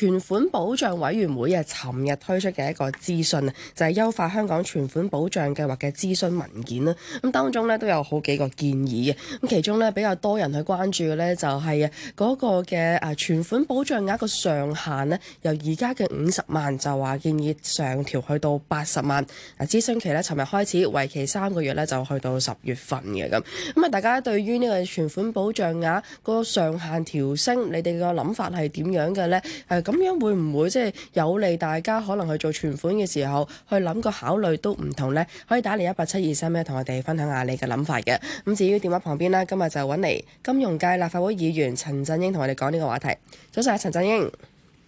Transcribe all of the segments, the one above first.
存款保障委員會啊，尋日推出嘅一個諮詢，啊，就係、是、優化香港存款保障計劃嘅諮詢文件啦。咁當中咧都有好幾個建議嘅。咁其中咧比較多人去關注嘅咧，就係啊嗰個嘅存款保障額個上限咧由而家嘅五十萬就話建議上調去到八十萬。啊，諮詢期咧尋日開始，為期三個月咧，就去到十月份嘅咁。咁啊，大家對於呢個存款保障額嗰個上限調升，你哋個諗法係點樣嘅咧？誒？咁樣會唔會即係、就是、有利大家可能去做存款嘅時候去諗個考慮都唔同呢？可以打嚟一八七二三一，同我哋分享下你嘅諗法嘅。咁至於電話旁邊啦，今日就揾嚟金融界立法會議員陳振英同我哋講呢個話題。早晨，陳振英。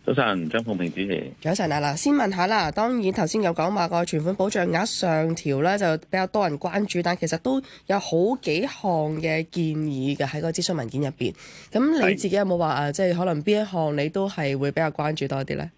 早晨，張鳳明主持。早晨啊，嗱，先問下啦。當然，頭先有講話個存款保障額上調咧，就比較多人關注。但其實都有好幾項嘅建議嘅喺個諮詢文件入邊。咁你自己有冇話啊？是即係可能邊一項你都係會比較關注多啲咧？誒、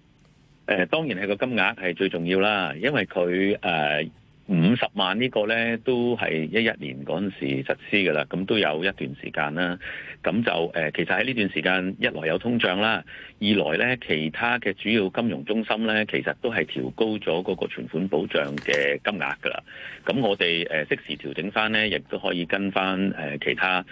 呃，當然係個金額係最重要啦，因為佢誒。呃五十萬呢個呢都係一一年嗰陣時實施㗎啦，咁都有一段時間啦。咁就其實喺呢段時間，一來有通脹啦，二來呢其他嘅主要金融中心呢，其實都係調高咗嗰個存款保障嘅金額噶啦。咁我哋即適時調整翻呢，亦都可以跟翻誒其他。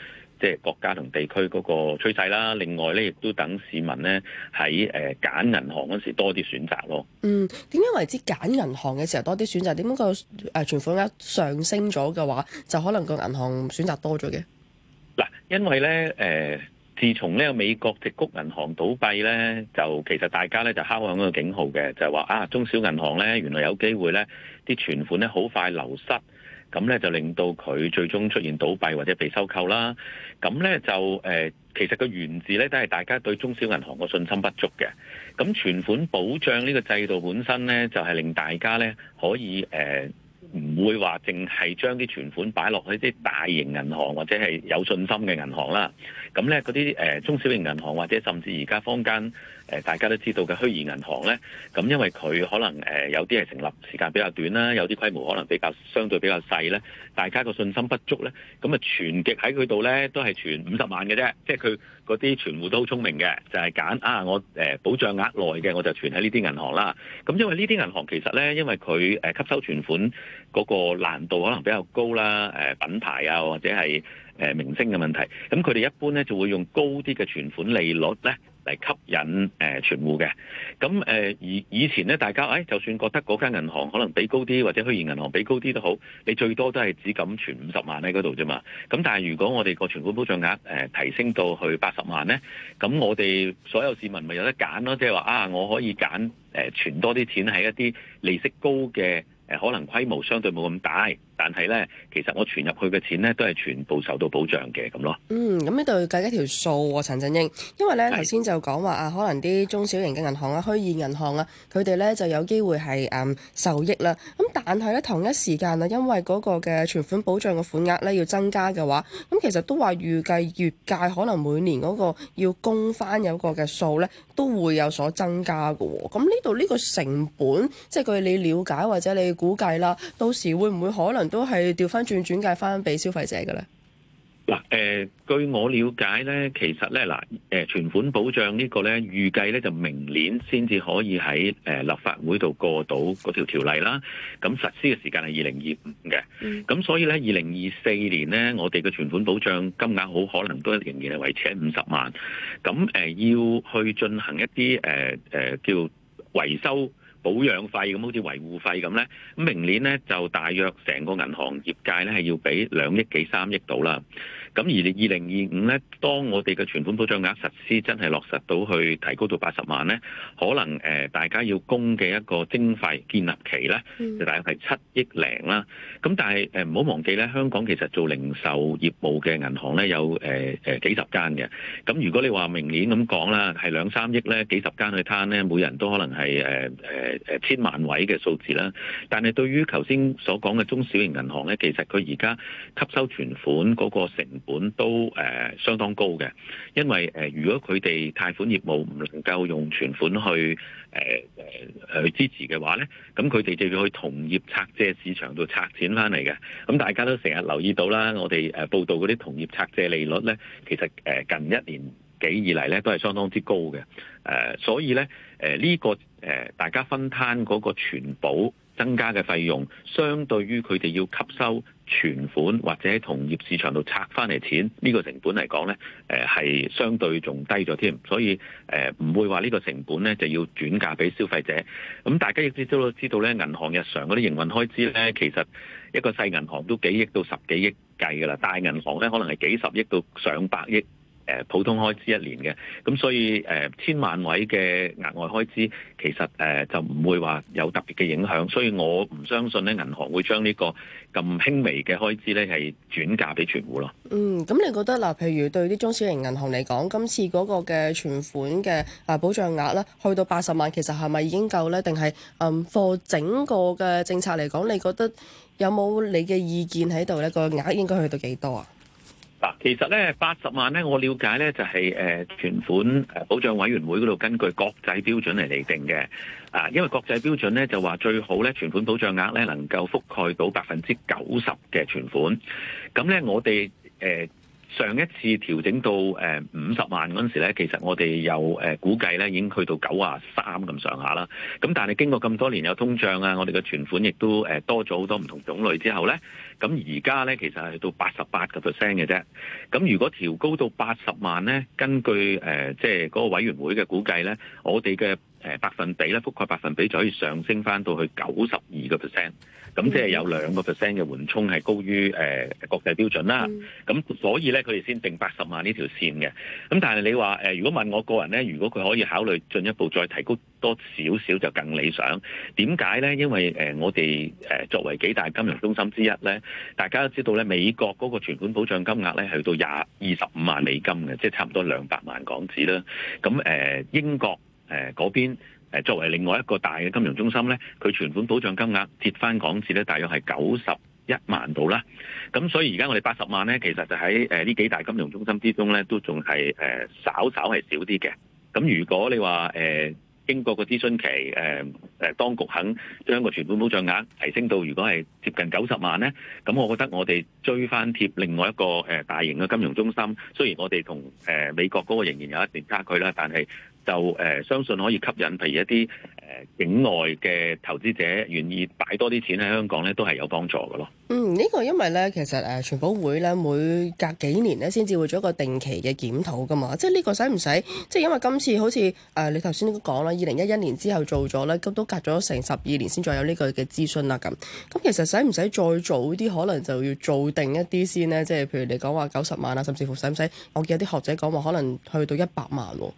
即係國家同地區嗰個趨勢啦，另外咧，亦都等市民咧喺誒揀銀行嗰時多啲選擇咯。嗯，點樣為之揀銀行嘅時候多啲選擇？點解、嗯、個誒存款額上升咗嘅話，就可能個銀行選擇多咗嘅。嗱，因為咧，誒、呃，自從呢個美國矽谷銀行倒閉咧，就其實大家咧就敲響一個警號嘅，就係話啊，中小銀行咧原來有機會咧，啲存款咧好快流失。咁咧就令到佢最終出現倒閉或者被收購啦。咁咧就、呃、其實個源自咧都係大家對中小銀行嘅信心不足嘅。咁存款保障呢個制度本身咧，就係、是、令大家咧可以誒，唔、呃、會話淨係將啲存款擺落去啲、就是、大型銀行或者係有信心嘅銀行啦。咁咧嗰啲中小型銀行或者甚至而家坊間，大家都知道嘅虛擬銀行咧，咁因為佢可能誒有啲係成立時間比較短啦，有啲規模可能比較相對比較細咧，大家個信心不足咧，咁啊存極喺佢度咧都係存五十萬嘅啫，即係佢嗰啲存戶都好聰明嘅，就係、是、揀啊我誒保障額內嘅我就存喺呢啲銀行啦。咁因為呢啲銀行其實咧，因為佢吸收存款嗰個難度可能比較高啦，品牌啊或者係明星嘅問題，咁佢哋一般咧就會用高啲嘅存款利率咧，嚟吸引存戶嘅，咁誒以以前咧，大家、哎、就算覺得嗰間銀行可能畀高啲，或者虛擬銀行畀高啲都好，你最多都係只咁存五十萬喺嗰度啫嘛。咁但係如果我哋個存款保障額、呃、提升到去八十萬咧，咁我哋所有市民咪有得揀咯、啊，即係話啊，我可以揀誒、呃、存多啲錢喺一啲利息高嘅、呃、可能規模相對冇咁大，但係咧，其實我存入去嘅錢咧，都係全部受到保障嘅咁咯。嗯，咁呢度計一條數喎，陳振英，因為咧頭先就講話啊，可能啲中小型嘅銀行啊、虛擬銀行啊，佢哋咧就有機會係誒、嗯、受益啦。咁但係咧同一時間啊，因為嗰個嘅存款保障嘅款額咧要增加嘅話，咁其實都話預計月計可能每年嗰個要供翻有個嘅數咧，都會有所增加嘅。咁呢度呢個成本，即係據你了解或者你估計啦，到時會唔會可能？都係調翻轉轉介翻俾消費者嘅咧。嗱，誒，據我了解咧，其實咧，嗱，誒，存款保障個呢個咧預計咧就明年先至可以喺、呃、立法會度過到嗰條條例啦。咁實施嘅時間係二零二五嘅。咁、嗯、所以咧，二零二四年咧，我哋嘅存款保障金額好可能都仍然係維持喺五十萬。咁誒、呃，要去進行一啲誒、呃呃、叫維修。保養費咁好似維護費咁呢，咁明年呢就大約成個銀行業界呢係要俾兩億幾三億到啦。咁而二零二五咧，當我哋嘅存款保障額實施真係落實到去提高到八十萬咧，可能誒大家要供嘅一個徵費建立期咧，就大概係七億零啦。咁但係誒唔好忘記咧，香港其實做零售業務嘅銀行咧有誒誒幾十間嘅。咁如果你話明年咁講啦，係兩三億咧，幾十間去攤咧，每人都可能係誒千萬位嘅數字啦。但係對於頭先所講嘅中小型銀行咧，其實佢而家吸收存款嗰個成本都誒相當高嘅，因為誒如果佢哋貸款業務唔能夠用存款去誒誒去支持嘅話咧，咁佢哋就要去同業拆借市場度拆錢翻嚟嘅。咁大家都成日留意到啦，我哋誒報道嗰啲同業拆借利率咧，其實誒近一年幾以嚟咧都係相當之高嘅。誒，所以咧誒呢個誒大家分攤嗰個存保增加嘅費用，相對於佢哋要吸收。存款或者同業市場度拆返嚟錢呢個成本嚟講呢，誒，係相對仲低咗添，所以誒唔會話呢個成本呢就要轉嫁俾消費者。咁大家亦都都都知道呢銀行日常嗰啲營運開支呢，其實一個細銀行都幾億到十幾億計㗎啦，大銀行呢可能係幾十億到上百億。誒普通開支一年嘅，咁所以誒千萬位嘅額外開支其實誒就唔會話有特別嘅影響，所以我唔相信咧銀行會將呢個咁輕微嘅開支咧係轉嫁俾存戶咯。嗯，咁你覺得嗱，譬如對啲中小型銀行嚟講，今次嗰個嘅存款嘅啊保障額啦，去到八十萬，其實係咪已經夠呢？定係嗯 for 整個嘅政策嚟講，你覺得有冇你嘅意見喺度呢？個額應該去到幾多啊？嗱，其實咧，八十萬咧，我了解咧就係誒存款誒保障委員會嗰度根據國際標準嚟釐定嘅，啊，因為國際標準咧就話最好咧存款保障額咧能夠覆蓋到百分之九十嘅存款，咁咧我哋誒。上一次調整到誒五十萬嗰陣時咧，其實我哋有誒估計咧已經去到九十三咁上下啦。咁但係經過咁多年有通脹啊，我哋嘅存款亦都誒多咗好多唔同種類之後咧，咁而家咧其實係到八十八個 percent 嘅啫。咁如果調高到八十萬咧，根據誒即係嗰個委員會嘅估計咧，我哋嘅誒百分比咧，覆蓋百分比就可以上升翻到去九十二個 percent，咁即係有兩個 percent 嘅緩衝係高於誒國際標準啦。咁、嗯、所以咧，佢哋先定八十萬呢條線嘅。咁但係你話誒，如果問我個人咧，如果佢可以考慮進一步再提高多少少就更理想。點解咧？因為誒我哋誒作為幾大金融中心之一咧，大家都知道咧，美國嗰個存款保障金額咧去到廿二十五萬美金嘅，即係差唔多兩百萬港紙啦。咁誒英國。誒嗰邊作為另外一個大嘅金融中心咧，佢存款保障金額貼翻港紙咧，大約係九十一萬度啦。咁所以而家我哋八十萬咧，其實就喺呢幾大金融中心之中咧，都仲係少稍稍係少啲嘅。咁如果你話誒英國個諮詢期誒誒、呃、當局肯將個存款保障額提升到如果係接近九十萬咧，咁我覺得我哋追翻貼另外一個誒大型嘅金融中心，雖然我哋同誒美國嗰個仍然有一定差距啦，但係。就誒、呃，相信可以吸引，譬如一啲誒、呃、境外嘅投資者願意擺多啲錢喺香港咧，都係有幫助嘅咯。嗯，呢、這個因為咧，其實誒，存、呃、保會咧，每隔幾年咧，先至會做一個定期嘅檢討噶嘛。即係呢個使唔使？即係因為今次好似誒、呃，你頭先都講啦，二零一一年之後做咗咧，咁都隔咗成十二年先再有呢個嘅諮詢啦。咁咁其實使唔使再早啲，可能就要做定一啲先咧。即係譬如你講話九十萬啊，甚至乎使唔使？我見有啲學者講話，可能去到一百萬喎、哦。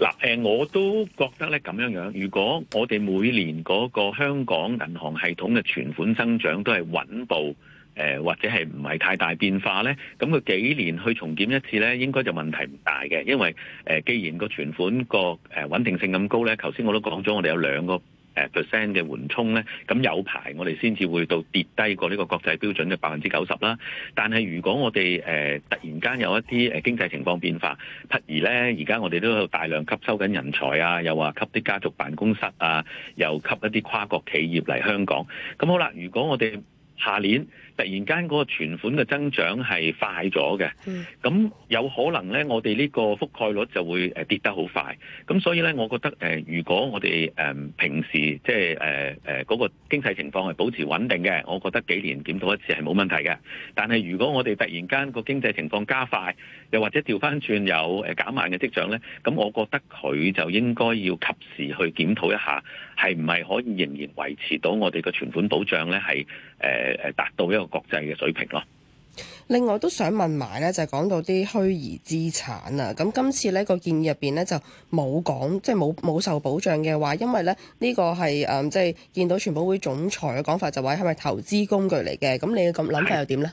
嗱，我都覺得咧咁樣樣，如果我哋每年嗰個香港銀行系統嘅存款增長都係穩步、呃、或者係唔係太大變化咧，咁佢幾年去重檢一次咧，應該就問題唔大嘅，因為、呃、既然個存款個誒穩定性咁高咧，頭先我都講咗，我哋有兩個。percent 嘅緩衝咧，咁有排我哋先至會到跌低過呢個國際標準嘅百分之九十啦。但係如果我哋誒、呃、突然間有一啲誒經濟情況變化，譬如咧，而家我哋都有大量吸收緊人才啊，又話吸啲家族辦公室啊，又吸一啲跨國企業嚟香港。咁好啦，如果我哋下年，突然間嗰個存款嘅增長係快咗嘅，咁有可能呢，我哋呢個覆蓋率就會誒跌得好快。咁所以呢，我覺得誒，如果我哋誒平時即係誒誒嗰個經濟情況係保持穩定嘅，我覺得幾年檢討一次係冇問題嘅。但係如果我哋突然間個經濟情況加快，又或者調翻轉有誒減慢嘅跡象呢，咁我覺得佢就應該要及時去檢討一下，係唔係可以仍然維持到我哋個存款保障呢？係誒誒達到一個。國際嘅水平咯。另外都想問埋咧，就係講到啲虛擬資產啊。咁今次呢個建議入邊咧就冇講，即係冇冇受保障嘅話，因為咧呢個係誒即係見到存保會總裁嘅講法就話係咪投資工具嚟嘅？咁你嘅咁諗法又點呢？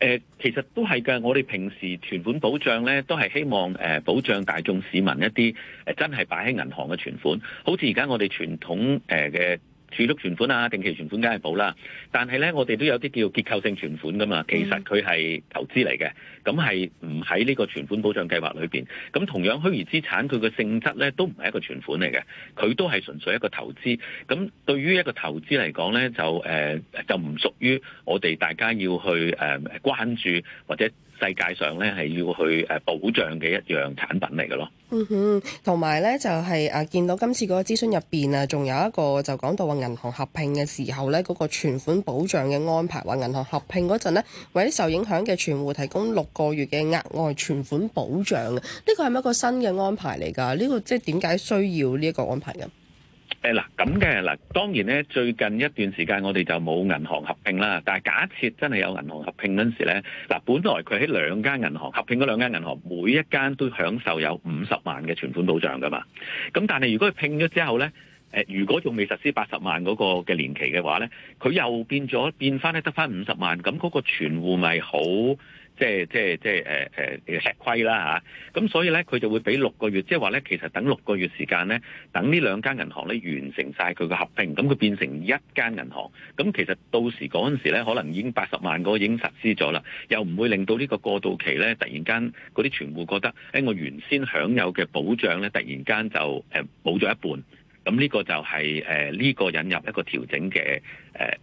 誒，其實都係嘅。我哋平時存款保障咧，都係希望誒保障大眾市民一啲誒真係擺喺銀行嘅存款，好似而家我哋傳統誒嘅。儲蓄存款啊，定期存款梗係保啦，但係呢，我哋都有啲叫結構性存款㗎嘛，其實佢係投資嚟嘅，咁係唔喺呢個存款保障計劃裏邊。咁同樣虛擬資產，佢嘅性質呢都唔係一個存款嚟嘅，佢都係純粹一個投資。咁對於一個投資嚟講呢，就誒就唔屬於我哋大家要去誒關注或者。世界上咧係要去誒保障嘅一樣產品嚟嘅咯。嗯哼，同埋咧就係、是、誒見到今次嗰個諮詢入邊啊，仲有一個就講到話銀行合併嘅時候咧，嗰、那個存款保障嘅安排，話銀行合併嗰陣咧，為啲受影響嘅存戶提供六個月嘅額外存款保障。呢個係咪一個新嘅安排嚟㗎？呢、這個即係點解需要呢一個安排㗎？咁嘅嗱，當然呢最近一段時間我哋就冇銀行合併啦，但係假設真係有銀行合併嗰陣時呢，嗱，本來佢喺兩間銀行合併嗰兩間銀行，每一間都享受有五十萬嘅存款保障噶嘛，咁但係如果佢拼咗之後呢，如果仲未實施八十萬嗰個嘅年期嘅話呢，佢又變咗變翻呢得翻五十萬，咁嗰個存戶咪好？即係即係即係誒誒吃虧啦嚇，咁、啊、所以咧佢就會俾六個月，即係話咧其實等六個月時間咧，等呢兩間銀行咧完成晒佢嘅合併，咁佢變成一間銀行，咁其實到時嗰陣時咧，可能已經八十萬個已經實施咗啦，又唔會令到呢個過渡期咧突然間嗰啲存戶覺得誒我原先享有嘅保障咧突然間就誒冇咗一半，咁呢個就係誒呢個引入一個調整嘅誒。呃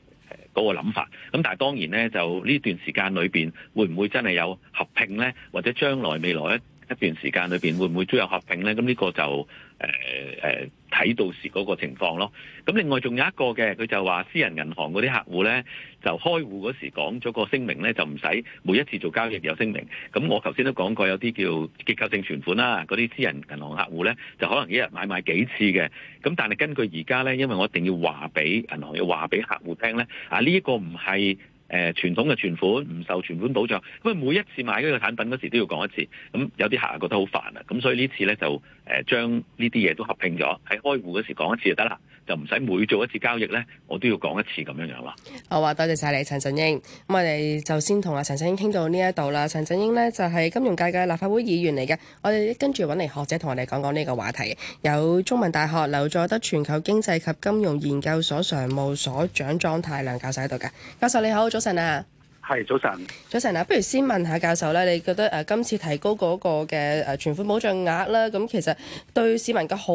嗰個諗法，咁但係當然咧，就呢段時間裏邊會唔會真係有合併咧？或者將來未來一一段時間裏邊會唔會都有合併咧？咁呢個就～誒誒睇到時嗰個情況咯，咁另外仲有一個嘅，佢就話私人銀行嗰啲客戶咧，就開戶嗰時講咗個聲明咧，就唔使每一次做交易有聲明。咁我頭先都講過有啲叫結構性存款啦、啊，嗰啲私人銀行客戶咧，就可能一日買賣幾次嘅。咁但係根據而家咧，因為我一定要話俾銀行要話俾客戶聽咧，啊呢一個唔係誒傳統嘅存款，唔受存款保障。咁啊每一次買呢個產品嗰時都要講一次，咁有啲客啊覺得好煩啊，咁所以呢次咧就。誒將呢啲嘢都合拼咗喺開戶嗰時講一次就得啦，就唔使每做一次交易呢，我都要講一次咁樣樣咯。好啊，多謝晒你，陳振英。咁我哋就先同阿陳振英傾到呢一度啦。陳振英呢，就係、是、金融界嘅立法會議員嚟嘅。我哋跟住揾嚟學者同我哋講講呢個話題，有中文大學劉佐德全球經濟及金融研究所常務所長莊太量教授喺度嘅。教授你好，早晨啊！係早晨，早晨啊！不如先問下教授咧，你覺得誒、呃、今次提高嗰個嘅誒存款保障額啦，咁、呃、其實對市民嘅好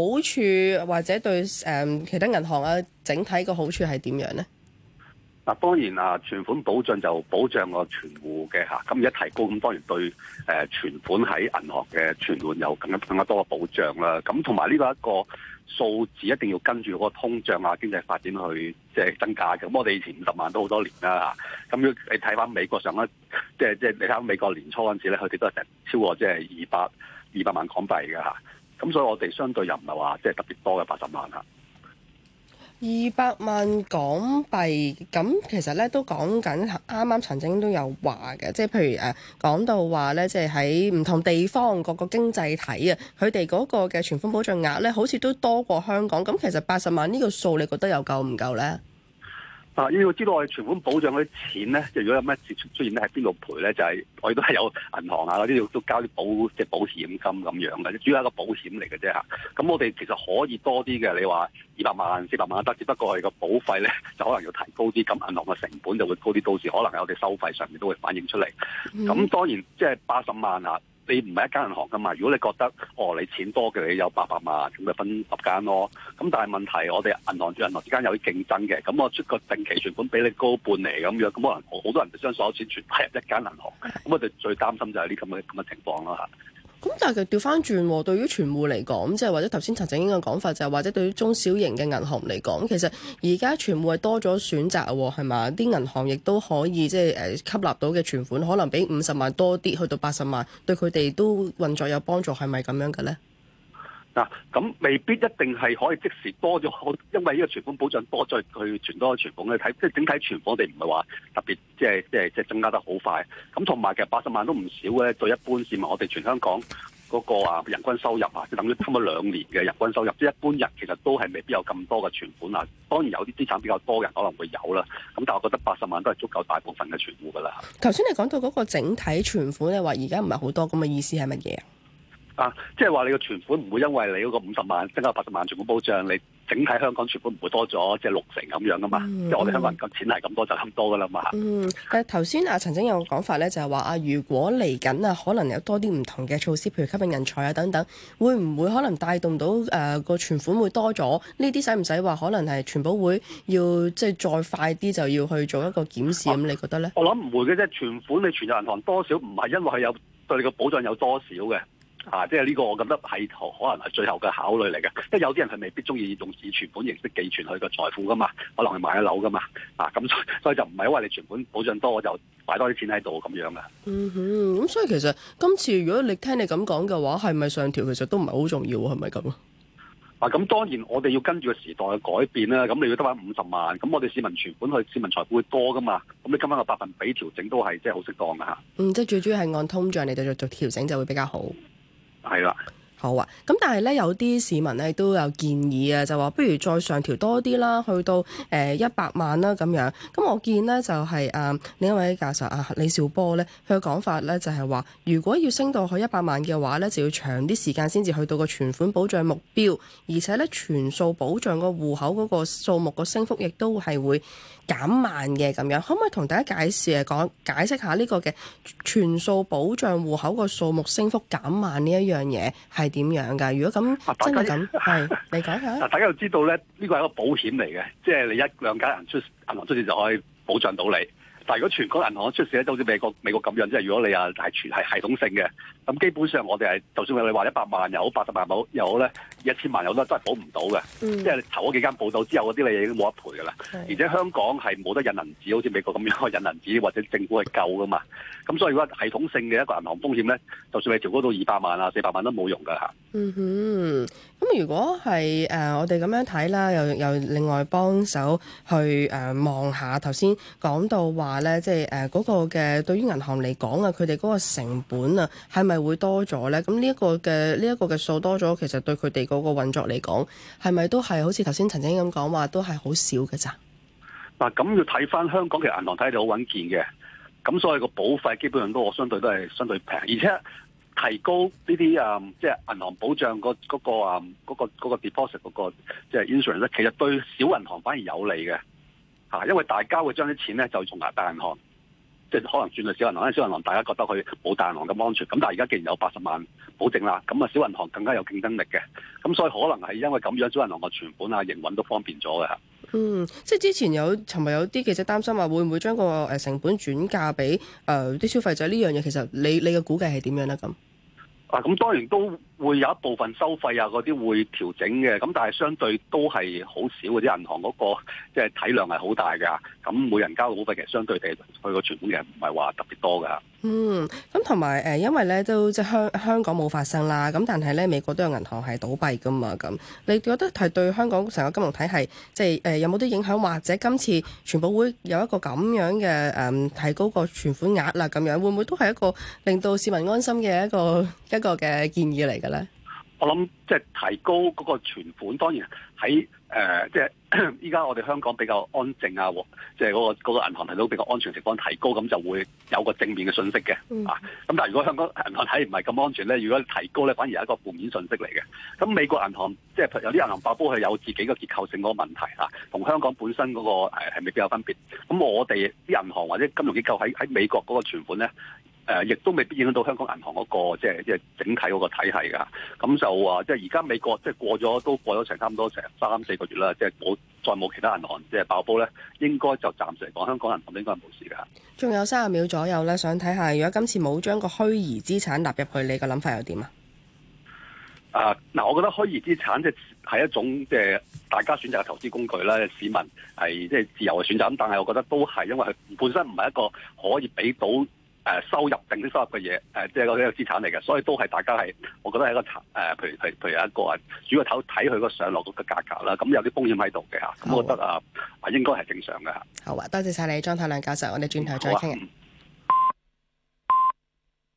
處，或者對誒、呃、其他銀行啊、呃、整體嘅好處係點樣咧？嗱當然啊，存款保障就保障個存戶嘅嚇，咁一提高咁，當然對誒存款喺銀行嘅存款有更加更加多嘅保障啦。咁同埋呢個一個數字一定要跟住嗰個通脹啊、經濟發展去即係增加嘅。咁我哋以前五十萬都好多年啦嚇。咁你睇翻美國上一即係即係你睇返美國年初嗰陣時咧，佢哋都係成超過即係二百二百萬港幣嘅嚇。咁所以我哋相對又唔係話即係特別多嘅八十萬嚇。二百萬港幣，咁其實咧都講緊啱啱，陳振英都有話嘅，即係譬如誒講到話咧，即係喺唔同地方各個經濟體啊，佢哋嗰個嘅存款保障額咧，好似都多過香港。咁其實八十萬呢個數，你覺得又夠唔夠咧？啊！要知道我存款保障嗰啲錢咧，如果有咩出出現咧，喺邊度賠咧？就係、是、我哋都係有銀行啊嗰啲要都交啲保即保險金咁樣嘅，主要係一個保險嚟嘅啫嚇。咁我哋其實可以多啲嘅，你話二百萬、四百萬得，只不過係個保費咧，就可能要提高啲咁銀行嘅成本就會高啲，到時可能係我哋收費上面都會反映出嚟。咁當然即係八十萬啊！你唔係一間銀行噶嘛？如果你覺得哦，你錢多嘅，你有八百萬，咁就分十間咯。咁但係問題，我哋銀行與銀行之間有啲競爭嘅。咁我出個定期存款比你高半厘咁樣，咁可能好多人就將所有錢全擺入一間銀行。咁我哋最擔心就係呢咁嘅咁嘅情況咯吓。咁但係佢調翻轉喎，對於存戶嚟講，即係或者頭先陳振英嘅講法就係，或者對於中小型嘅銀行嚟講，其實而家存戶係多咗選擇喎，係嘛？啲銀行亦都可以即係誒吸納到嘅存款，可能比五十萬多啲，去到八十萬，對佢哋都運作有幫助，係咪咁樣嘅咧？嗱，咁未必一定係可以即時多咗，好，因為呢個存款保障多咗去存多存款嘅睇，即係整體存款我哋唔係話特別，即係即係即係增加得好快。咁同埋其實八十萬都唔少嘅，對一般市民，我哋全香港嗰個啊人均收入啊，即係等於差唔多兩年嘅人均收入，即係一般人其實都係未必有咁多嘅存款啊。當然有啲資產比較多人可能會有啦。咁但係我覺得八十萬都係足夠大部分嘅存戶噶啦。頭先你講到嗰個整體存款你話而家唔係好多咁嘅意思係乜嘢啊？啊！即係話你個存款唔會因為你嗰個五十萬增加八十萬存款保障，你整體香港存款唔會多咗，即、就、係、是、六成咁樣噶嘛？即係、嗯、我哋香港錢係咁多就咁多噶啦嘛～嗯，但係頭先啊，陳正有個講法咧，就係話啊，如果嚟緊啊，可能有多啲唔同嘅措施，譬如吸引人才啊等等，會唔會可能帶動到誒、呃那個存款會多咗？呢啲使唔使話可能係存保會要即係再快啲就要去做一個檢視咁？嗯、你覺得咧？我諗唔會嘅啫，存款你存入銀行多少唔係因為有對你個保障有多少嘅。啊！即係呢個，我覺得係可能係最後嘅考慮嚟嘅，因為有啲人係未必中意動用存款形式寄存佢嘅財富噶嘛，可能係買一樓噶嘛。啊，咁所，所以就唔係因為你存款保障多我就擺多啲錢喺度咁樣嘅。咁、嗯、所以其實今次如果你聽你咁講嘅話，係咪上調其實都唔係好重要，係咪咁啊？咁、啊、當然我哋要跟住個時代嘅改變啦、啊。咁你要得翻五十萬，咁我哋市民存款去，市民財富會多噶嘛。咁你今晚個百分比調整都係即係好適當嘅嚇、啊嗯。即係最主要係按通脹嚟繼續做調整就會比較好。係啦。咁但係咧，有啲市民咧都有建議啊，就話不如再上調多啲啦，去到誒一百萬啦咁樣。咁我見呢，就係啊，另一位教授啊李兆波咧，佢嘅講法咧就係話，如果要升到去一百萬嘅話咧，就要長啲時間先至去到個存款保障目標，而且咧全數保障個戶口嗰個數目個升幅亦都係會減慢嘅咁樣。可唔可以同大家解釋誒講解釋下呢個嘅全數保障戶口個數目升幅減慢呢一樣嘢係？點樣㗎？如果咁、啊、真咁係，你解下。嗱，大家又知道咧，呢、這個係一個保險嚟嘅，即、就、係、是、你一兩家人出銀行出錢就可以保障到你。但如果全港銀行出事咧，就好似美國美國咁樣啫。即係如果你啊係全係系統性嘅，咁基本上我哋係，就算我哋話一百萬有，又好八十萬，又好咧一千萬，又好都係保唔到嘅。嗯、即係你投咗幾間保到之後，嗰啲你已經冇得賠噶啦。的而且香港係冇得印銀紙，好似美國咁樣印銀紙，或者政府係救噶嘛。咁所以如果系統性嘅一個銀行風險咧，就算你調高到二百萬啊、四百萬都冇用噶嚇。嗯哼，咁如果係誒、呃、我哋咁樣睇啦，又又另外幫手去誒望下頭先講到話。咧，即係誒，嗰個嘅對於銀行嚟講啊，佢哋嗰個成本啊，係咪會多咗咧？咁呢一個嘅呢一個嘅數多咗，其實對佢哋嗰個運作嚟講，係咪都係好似頭先陳振英咁講話，都係好少嘅咋？嗱、啊，咁要睇翻香港嘅銀行睇嚟好穩健嘅，咁所以個保費基本上都我相對都係相對平，而且提高呢啲誒，即係銀行保障嗰，那，嗰個啊，嗰，那個嗰，那個那個那個 deposit 嗰，那個即係，就是，insurance 其實對小銀行反而有利嘅。吓、啊，因為大家會將啲錢咧就從大銀行，即係可能轉去小銀行咧。因小銀行大家覺得佢冇大銀行咁安全，咁但係而家既然有八十萬保證啦，咁啊小銀行更加有競爭力嘅，咁所以可能係因為咁樣，小銀行個存款啊營運都方便咗嘅吓。嗯，即係之前有尋日有啲記者擔心話會唔會將個誒成本轉嫁俾誒啲消費者呢樣嘢？其實你你嘅估計係點樣咧？咁啊，咁、嗯、當然都。會有一部分收費啊，嗰啲會調整嘅，咁但係相對都係好少的。嗰啲銀行嗰個即係體量係好大噶，咁每人交嘅保費其實相對地佢個存款嘅唔係話特別多噶。嗯，咁同埋誒，因為咧都即係香香港冇發生啦，咁但係咧美國都有銀行係倒閉噶嘛，咁你覺得係對香港成個金融體系，即係誒有冇啲影響，或者今次存保會有一個咁樣嘅誒提高個存款額啦？咁樣會唔會都係一個令到市民安心嘅一個一個嘅建議嚟？我諗即係提高嗰個存款，當然喺，誒，即係依家我哋香港比較安靜啊，即係嗰個嗰、嗰個銀行提到比較安全嘅情況提高，咁就會有個正面嘅信息嘅、嗯、啊。咁但係如果香港銀行睇唔係咁安全咧，如果提高咧，反而係一個負面嘅信息嚟嘅。咁美國銀行即係、即係、有啲銀行爆煲係有自己嘅結構性嗰個問題啊，同香港本身嗰個係係未必有分別。咁我哋啲銀行或者金融機構喺喺美國嗰個存款咧。誒，亦都未必影響到香港銀行嗰個，即係即係整體嗰個體系噶。咁就話，即係而家美國即係過咗，都過咗成差唔多成三四個月啦。即係冇再冇其他銀行即係爆煲咧，應該就暫時嚟講，香港銀行應該係冇事噶。仲有三十秒左右咧，想睇下，如果今次冇將個虛擬資產納入去，你個諗法又點啊？啊，嗱，我覺得虛擬資產即係一種即係大家選擇嘅投資工具啦，市民係即係自由嘅選擇。咁但係我覺得都係因為本身唔係一個可以俾到。誒，收入定啲收入嘅嘢，誒即係嗰啲一個資產嚟嘅，所以都係大家係，我覺得係一個誒、呃，譬如譬如譬如一個人主要睇睇佢個上落嗰個價格啦，咁有啲風險喺度嘅嚇，咁我覺得啊，啊應該係正常嘅。好啊，多謝晒你莊太量教授，我哋轉頭再傾。